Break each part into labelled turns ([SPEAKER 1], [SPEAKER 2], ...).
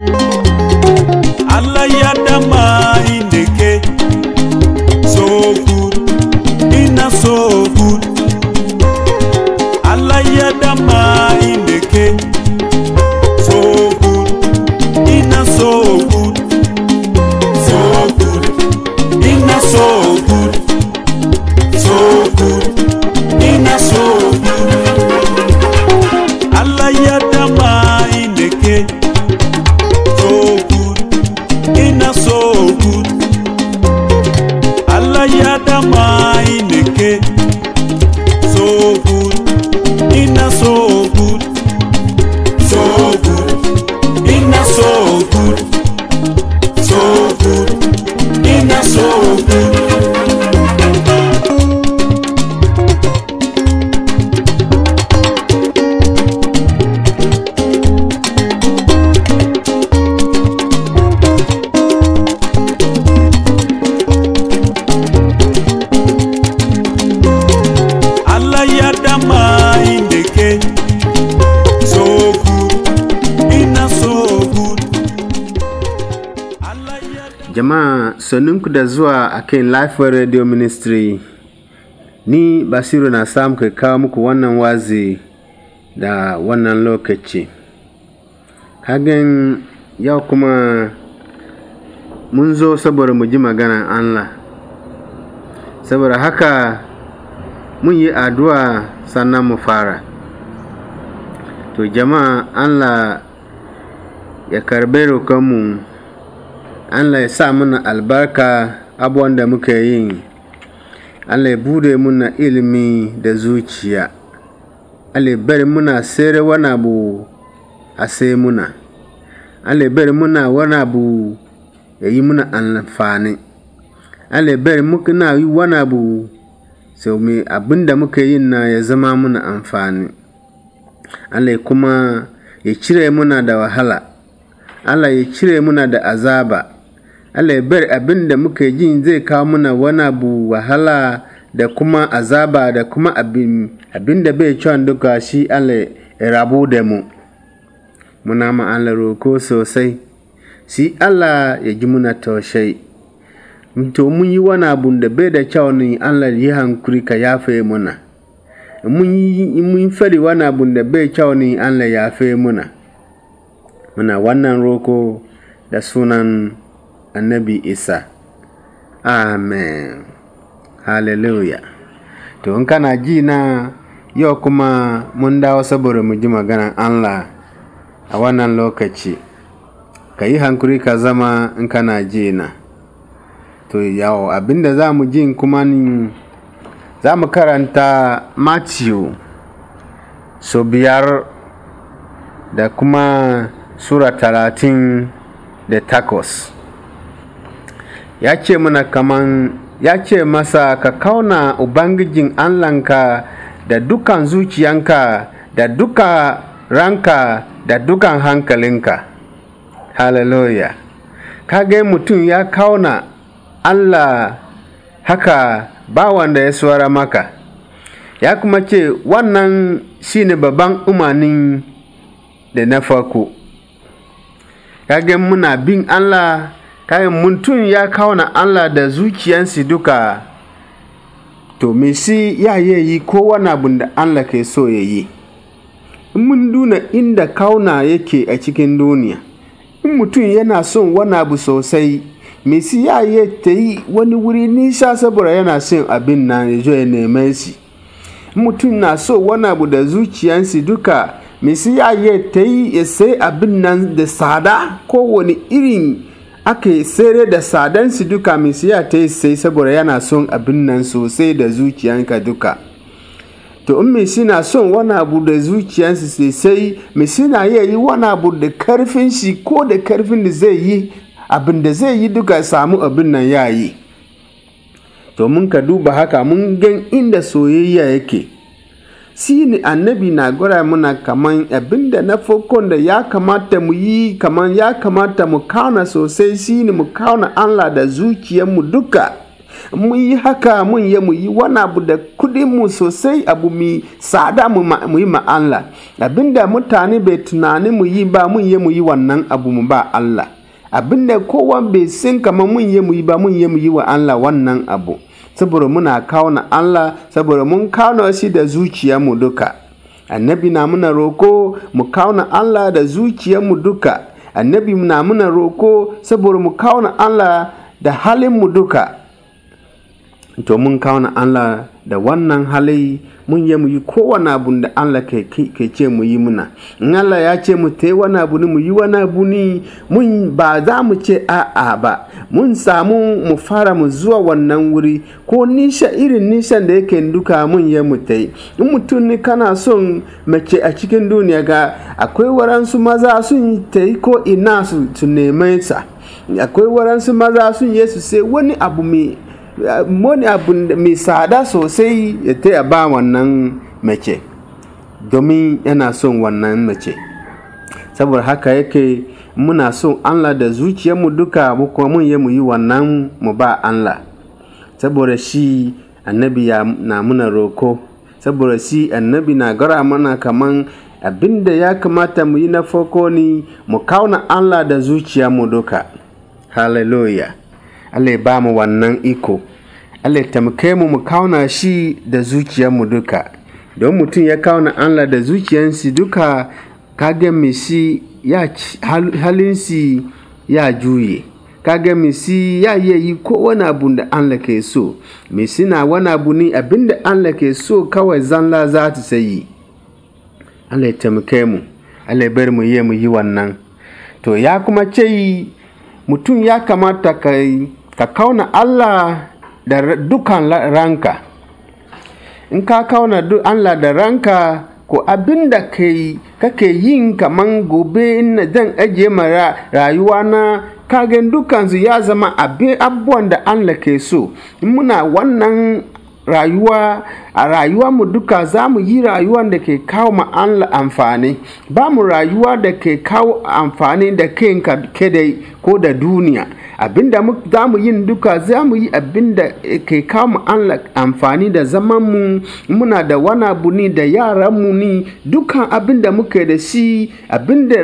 [SPEAKER 1] you
[SPEAKER 2] Sannunku da zuwa a kan life Radio Ministry, ni Basiru na samu ka kawo muku wannan wazi da wannan lokaci. Hagen yau kuma mun zo saboda mu ji maganar Allah. Saboda haka mun yi addu'a sannan mu fara. To jama'a Allah ya karbe rokonmu Allah ya sa muna albarka abuwan da muka yi Allah ya bude muna ilimi da zuciya Allah ya bari muna sere wana abu a sai muna Allah ya bari muna wana abu ya yi muna amfani Allah ya bari muka na yi wana abu sau mai abin da muka yi na ya zama muna amfani Allah kuma ya cire muna da wahala Allah ya cire muna da azaba Allah ya bar abin da muka ji zai kawo mana wani abu wahala da kuma azaba da kuma abin da bai cewa duka shi Allah ya rabu da mu. Muna ma Allah roko sosai, shi Allah ya ji muna taushai. To mun yi wani abu da bai da kyau ne Allah ya hankuri ka yafe muna. Mun fari wani abu da bai kyau ne Allah ya yafe muna. Muna wannan roko da sunan annabi isa amen hallelujah to in kana ji na yau kuma mun dawo saboda mu ji maganan allah a wannan lokaci ka yi hankuri ka zama in kana ji na to yawo abinda za mu ji kuma ni za mu karanta matthew so biyar da kuma sura talatin da takwas ya ce mana kaman ya ce masa ka kauna ubangijin allahnka da dukan zuciyanka da duka ranka da dukan hankalinka hallelujah kage mutum ya kauna allah haka ba wanda ya suwara maka ya kuma ce wannan shi ne babban umarnin da na farko kage muna bin allah kai mutum ya kauna Allah da zuciyansu duka to me si ya yi kowane abin da Allah ke so ya yi in mun duna inda kauna yake a cikin duniya in mutum yana son wani abu sosai me si ya yi ta yi wani wuri nisa saboda yana son abin na ya zo ya neme shi mutum na so wani abu da zuciyansu duka me si ya yi ta yi ya sai abin nan da tsada kowane irin aka sayar da sadan duka mai siya ta yi sai saboda yana son abin nan sosai da zuciyanka duka to in mai na son wani abu da zuciyansu sosai mai na iya yi wani abu da karfin shi ko da karfin da zai yi abin da zai yi duka samu abin nan ya yi to mun ka duba haka mun gan inda soyayya yake shine annabi na gwara muna kaman abinda na farkon da ya kamata mu yi kaman ya kamata mu kauna sosai shine mu kauna Allah da zuciyarmu duka mu yi haka mun yi mu yi wani abu da mu sosai abu mai tsada mu yi ma Allah abinda mutane bai tunani mu yi ba mun yi mu yi wannan abu mu ba Allah abinda kowa bai sin kamar mun yi mu yi ba mun yi mu yi wa Allah wannan abu saboda muna kauna Allah saboda mun kawo shi da zuciyarmu duka annabi na muna roko mu kauna Allah da zuciyarmu duka annabi na muna roko saboda mu kauna Allah da halinmu duka to mun Allah da wannan hali mun yi mu yi kowane abu da Allah ke ce mu yi muna in Allah ya ce mu ta wani abu ne mu yi wani abu ne mun ba za mu ce a'a ba mun samu mu fara mu zuwa wannan wuri ko nisha irin nishan da yake duka mun yi mu ta in mutum ne kana son mace a cikin duniya ga akwai waransu maza sun ta ko ina su neme sa akwai waransu maza sun yesu sai wani abu mai moni abu mai tsada sosai ya taya ba wannan mace domin yana son wannan mace saboda haka yake muna son allah da zuciyarmu duka kuma mun yi mu yi wannan mu ba allah saboda shi annabi na muna roko saboda shi annabi na gara mana kaman abin ya kamata mu yi na farko ne mu kauna allah da zuciyarmu duka hallelujah Allah ya ba mu wannan iko Allah ya tamke mu mu kauna shi da zuciyarmu duka don mutum ya kauna Allah da zuciyarsi duka kage misi ya halinsi ya juye kage misi ya yi yi ko wani abu da Allah ke so misi na wani abu ne abin da Allah ke so kawai zanla za ta sayi Allah ya tamke mu Allah ya bar mu yi mu yi wannan to ya kuma ce mutum ya kamata ka ka kauna Allah da dukan ranka in ka kauna Allah da ranka ko abin da kake yin kaman gobe in zan ajiye mara rayuwa na kagen dukansu ya zama abin abubuwan da Allah ke so in muna wannan rayuwa a rayuwa mu duka za mu yi rayuwa da ke kawo ma Allah amfani ba mu rayuwa da ke kawo amfani da kanka kedai ko da duniya abinda za mu yin duka za mu yi abinda eh, ke kawo amfani da zaman mu muna da wani abu ni da yaran mu ni dukan abinda muke da shi abinda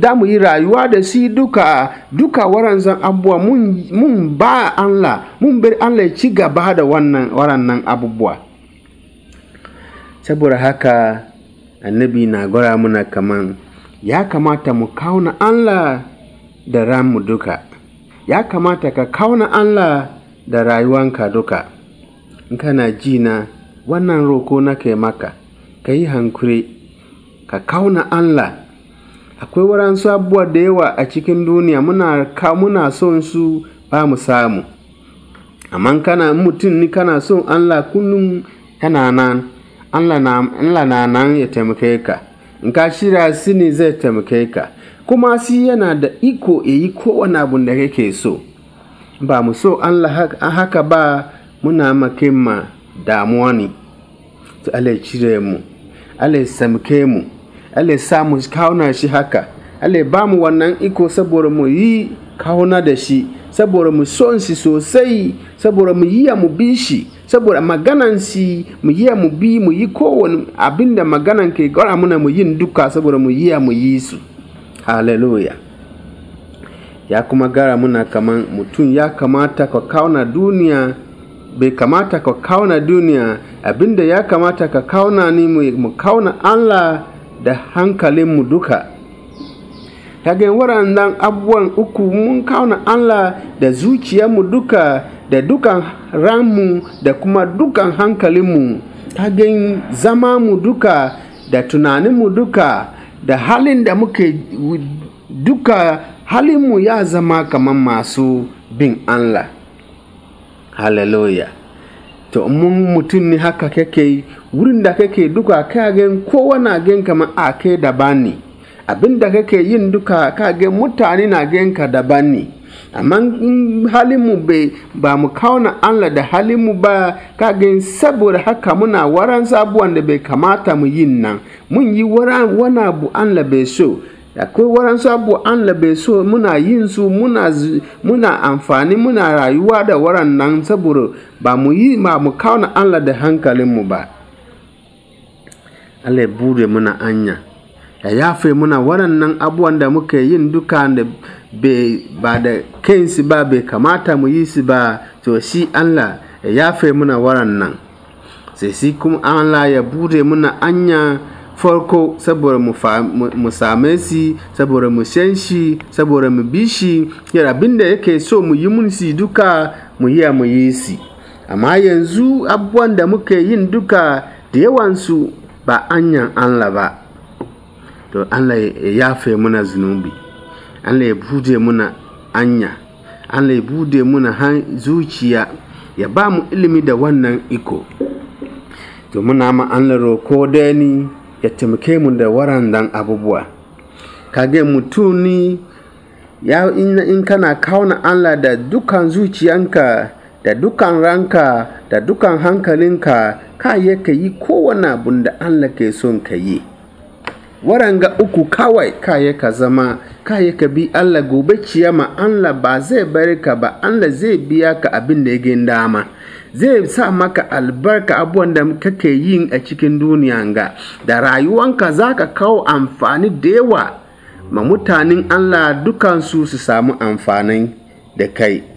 [SPEAKER 2] da mu yi rayuwa da shi duka duka zan abubuwa mun ba Allah mun bar Allah ci gaba da wannan nan abubuwa saboda haka annabi na gora muna kaman ya kamata mu kauna Allah da ran mu duka ya kamata ka kauna Allah da rayuwanka duka in kana ji na wannan roko na kai maka ka yi hankuri ka kauna Allah akwai waransu abubuwa da yawa a cikin duniya muna ka muna son su ba mu samu amma kana mutum ni kana son Allah kullum yana nan Allah na nan ya taimake ka in ka shirya su zai taimake ka kuma si yana da iko ya yi kowane abin da kake so ba mu so Allah haka ba muna makin ma damuwa ne to Allah cire mu Allah samke mu Allah sa mu shi haka Allah ba mu wannan iko saboda mu yi kauna da shi saboda mu son shi sosai saboda mu yi mu bi shi saboda maganan shi mu yi mu bi mu yi kowane abinda maganan ke gwara muna mu yin duka saboda mu yi mu yi su hallelujah ya kuma gara muna kaman mutum ya kamata ka kauna duniya bai kamata ka kauna duniya abinda ya kamata ka kauna ni mu kauna allah da hankalinmu duka kagen waɗannan abubuwan uku mun kauna allah da zuciyarmu duka da dukan ranmu da kuma dukan hankalinmu kagen zama mu duka da tunaninmu duka da halin da muke duka halinmu ya zama kamar masu bin Allah. Hallelujah. To, mun mutum ne haka kake wurin da kake duka kagen kowa na gen kamar ake daban ne, abin da kake yin duka kagen mutane na ka daban ne. amma halinmu bai ba mu kauna Allah da halinmu ba kagin saboda haka muna waran sabuwan da bai kamata mu yin nan mun yi wani abu Allah bai so akwai waran sabu an labe so muna yin su muna, muna amfani muna rayuwa da waran nan saboda ba mu yi ba mu kauna Allah da hankalinmu ba Allah ya bude muna anya ya yafe muna waɗannan abubuwan da muka yin duka da ba da kansu ba bai kamata mu yi su ba to shi Allah ya yafe muna waɗannan sai shi kuma Allah ya bude muna anya farko saboda mu same shi saboda mu san shi saboda mu bi shi yar abin da yake so mu yi mun si duka mu yi mu yi si amma yanzu abubuwan da muka yin duka da yawansu ba anyan Allah ba to Allah ya yafe muna zunubi Allah ya bude muna anya Allah ya bude muna zuciya ya ba mu ilimi da wannan iko to muna ma an laro ko ni ya taimake mu da warandan abubuwa kage mutuni ya in, in kana kauna Allah da dukan zuciyanka da dukan ranka da dukan hankalinka ka yi yi kowane abun da Allah ke son ka yi waranga uku kawai kaye ka zama kaye ka bi Allah gobe ciyama Allah ba zai bari ka ba Allah zai biya ka abin da yake dama zai sa maka albarka abubuwan da kake yin a cikin duniya ga da rayuwanka za ka kawo amfani da yawa ma mutanen Allah dukansu su samu amfanin da kai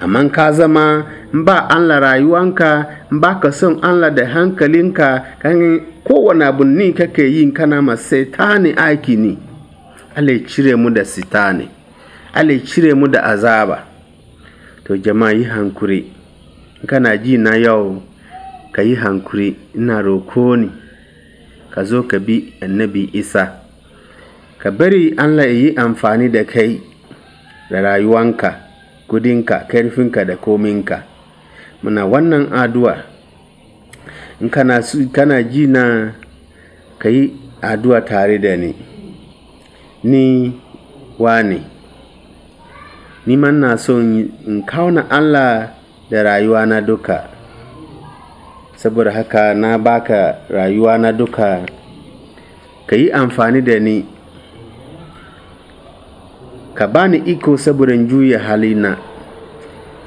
[SPEAKER 2] amma ka zama ba Allah rayuwanka ba ka son Allah da hankalinka kan kowane abu ni kake yi kana ma setani aiki ne Allah cire mu da satani Allah cire mu da azaba to jama'a yi hankuri kana ji na yau ka yi hankuri ina roko ni ka zo ka bi annabi isa ka bari Allah ya yi amfani da kai da rayuwanka kudinka karfinka da kominka muna wannan aduwa in kana, kana ji na ka yi aduwa tare da ni ni wane ni man na son in kauna allah da rayuwa na duka saboda haka na baka rayuwa na duka ka yi amfani da ni ka bani iko saboda juya na,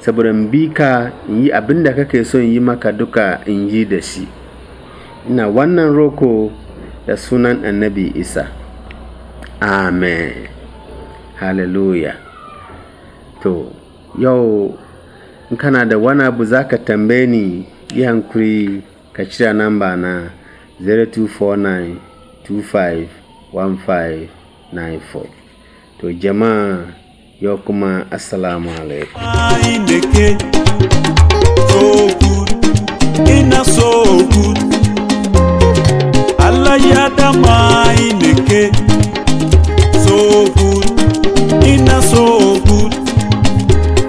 [SPEAKER 2] saboda bi ka in yi abin da kake son yi maka duka in yi da shi ina wannan roko da sunan annabi isa amen hallelujah to yau in kana da wani abu za ka tambaye ni yi hankuri ka cira namba na 0249251594. to jama'a yau kuma assalamu alaikum ya
[SPEAKER 1] so good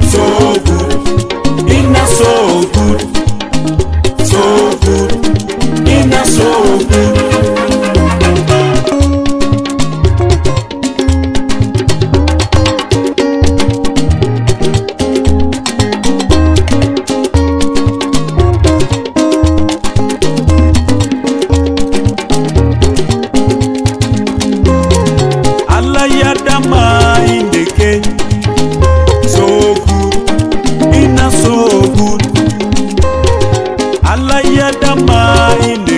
[SPEAKER 1] so good so good binadamu ini